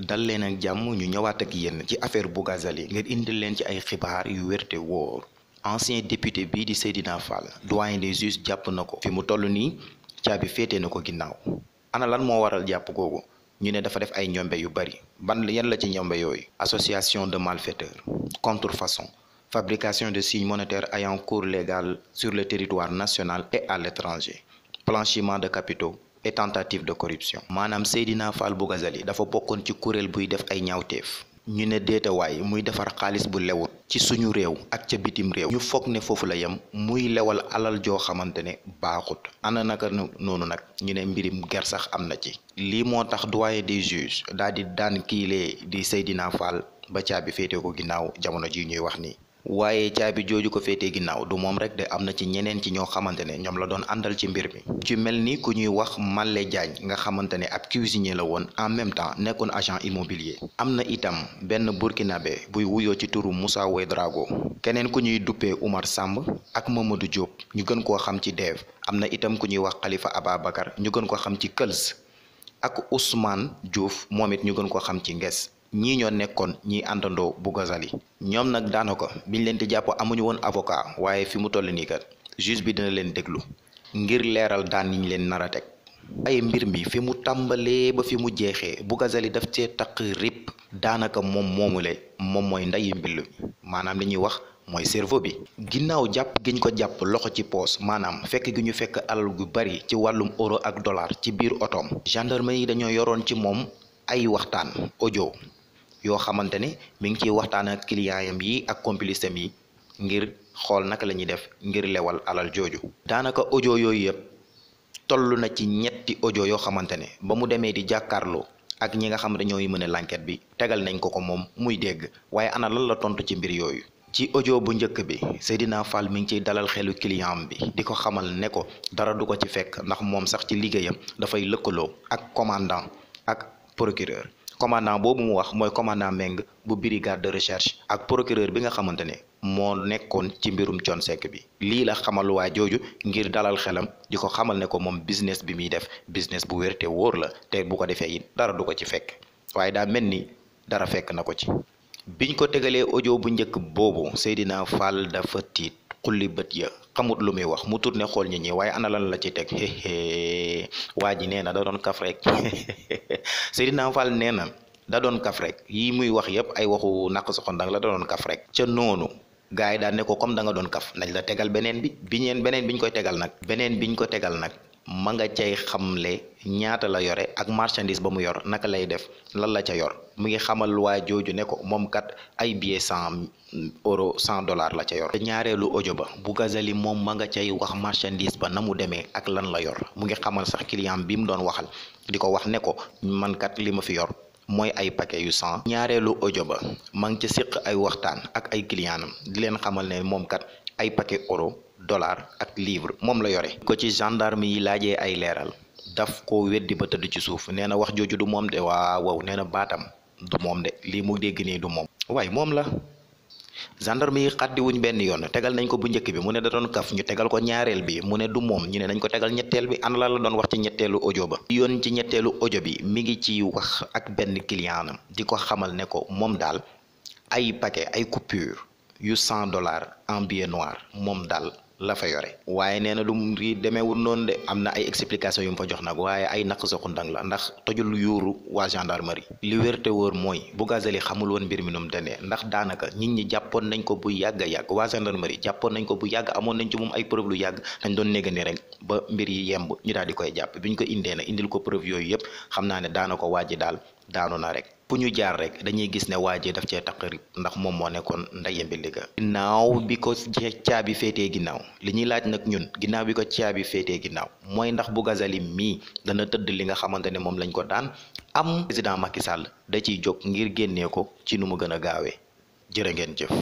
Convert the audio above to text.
dal leen ak jàmm ñu ñëwaat ak yéen ci bu Bougazelli ngir indil leen ci ay xibaar yu wérte wóor ancien député bii di Seydina Fall doyen des juges jàpp na ko fi mu toll nii caabi féete na ko ginnaaw ana lan moo waral jàpp googu ñu ne dafa def ay ñombe yu bari ban yan la ci ñombe yooyu association de malfaiteurs contrefaçon fabrication de signe monétaires ay cours légal sur le territoire national et à l'étranger blanchiment de capitaux et tentative de corruption maanaam Seydina Fall bu Gazali dafa bokkoon ci kuréel buy def ay ñaawteef ñu ne déetawaay muy defar xaalis bu lewut ci suñu réew ak ca bitim réew ñu foog ne foofu la yem muy lewal alal joo xamante ne baaxut ana naka noonu nag ñu ne mbirim ger sax am na ci lii moo tax doyen des juges daal di daan kiilee di Seydina Fall ba caabi féete ko ginnaaw jamono ji ñuy wax nii waaye caabi jooju ko féetee ginnaaw du moom rek de am na ci ñeneen ci ñoo xamante ne ñoom la doon àndal ci mbir mi ci mel ni ku ñuy wax Malle Diagne nga xamante ne ab cuisinier la woon en même temps nekkoon agent immobilier am na itam benn burkinabé buy wuyoo ci turu Moussa Ouedraogo keneen ku ñuy duppee Oumar sàmb ak Mamadou Diop ñu gën koo xam ci Dev am na itam ku ñuy wax Khalifa Ababacar ñu gën koo xam ci Këls ak Ousmane Diouf moom it ñu gën koo xam ci Nges ñii ñoo nekkoon ñiy àndandoo bu Gazali ñoom nag daanaka biñ leen di jàpp amuñu woon avocat waaye fi mu toll nii kat juge bi dina leen déglu ngir leeral daan yiñ leen nar a teg ay mbir mi fi mu tàmbalee ba fi mu jeexee bu Gazali daf cee taq rip daanaka moom moomule moom mooy ndayi mbill maanaam li ñuy wax mooy cerveau bi ginnaaw jàpp giñ ko jàpp loxo ci poos maanaam fekk gi ñu fekk alal gu bari ci wàllum euro ak dollar ci biir otoom gendarme yi dañoo yoroon ci moom ay waxtaan audio yoo xamante ne mu ngi ci waxtaan ak client yam yi ak complice yi ngir xool naka la ñuy def ngir lewal alal jooju. daanaka audio yooyu yëpp toll na ci ñetti audio yoo xamante ne ba mu demee di jàkkaarloo ak ñi nga xam ne ñooy mën a l'enquête bi tegal nañ ko ko moom muy dégg waaye ana lan la tontu ci mbir yooyu. ci audio bu njëkk bi Seydina Fall mi ngi ciy dalal xelu client bi di ko xamal ne ko dara du ko ci fekk ndax moom sax ci liggéeyam dafay lëkkaloo ak commandant ak procureur commandant boobu mu wax mooy commandant Meng bu brigade de recherche ak procureur bi nga xamante ne moo nekkoon ci mbirum Thione Seck bi lii la xamal waa jooju ngir dalal xelam di ko xamal ne ko moom business bi muy def business bu wér te wóor la te bu ko defee it dara du ko ci fekk waaye daa mel ni dara fekk na ko ci. biñ ko tegalee audio bu njëkk boobu Seydina Fall dafa tiit xulli bët ya xamut lu muy wax mu tourné xool ñi ñi waaye ana lan la ci teg waa ji nee na da doon kaf rek Seydina Fall nee na da doon kaf rek yi muy wax yëpp ay waxu naq soxondang la da doon kaf rek ca noonu gars yi daan ne ko comme da nga doon kaf nañ la tegal beneen bi bi ñeen beneen biñ koy tegal nag beneen biñ ko tegal nag ma nga cay xamle ñaata la yore ak marchandise ba mu yor naka lay def lan la ca yor mu ngi xamal waa jooju ne ko moom kat ay billet cent euro cent dollar la ca yor. te ñaareelu ojo ba bu Gazali moom ma nga cay wax marchandise ba na mu demee ak lan la yor mu ngi xamal sax client bi mu doon waxal di ko wax ne ko man kat li ma fi yor. mooy ay paquet yu cent ñaareelu ojo ba ma ngi ci siq ay waxtaan ak ay clientam di leen xamal ne moom kat ay paquet euro dollar ak livre moom la yore ko ci gendarme yi laajee ay leeral daf ko weddi ba tëdd ci suuf nee na wax jooju du moom de waaw waaw nee na baatam du moom de lii mu dégg nii du moom waaye moom la gendarme yi xaddi wuñ benn yoon tegal nañ ko bu njëkk bi mu ne da doon kaf ñu tegal ko ñaareel bi mu ne du moom ñu ne nañ ko tegal ñetteel bi ana la la doon wax ci ñetteelu audio ba yoon ci ñetteelu ojo bi mi ngi ci wax ak benn client am di ko xamal ne ko moom daal ay paquet ay coupure yu cent dollars en billet noir moom daal la fa yore waaye nee na lu mu rii demeewul noonu de am na ay explication yu mu fa jox nag waaye ay naq sa xundang la ndax tojul yuuru waa gendarmerie li wér te wóor mooy Bougazelli xamul woon mbir mi num deme ndax daanaka nit ñi jàppoon nañ ko bu yàgg a yàgg waa gendarmerie jàppoon nañ ko bu yàgg amoon nañ ci moom ay preuve lu yàgg dañ doon néegandi rek ba mbir yi yemb ñu daal di koy jàpp bi ñu ko indee na indil ko preuve yooyu yëpp xam naa ne daana ko waaji daal daanu na rek fu ñu jaar rek dañuy gis ne waa ji daf cee taqarib ndax moom moo nekkoon ndaje bi liggéey ginnaaw bi ko caabi féetee ginnaaw li ñuy laaj nag ñun ginnaaw bi ko caabi féetee ginnaaw mooy ndax bu Gazali mii dana tëdd li nga xamante ne moom lañ ko daan am président Macky sàll da ciy jóg ngir génnee ko ci nu ma gën a gaawee jërë ngeen jëf.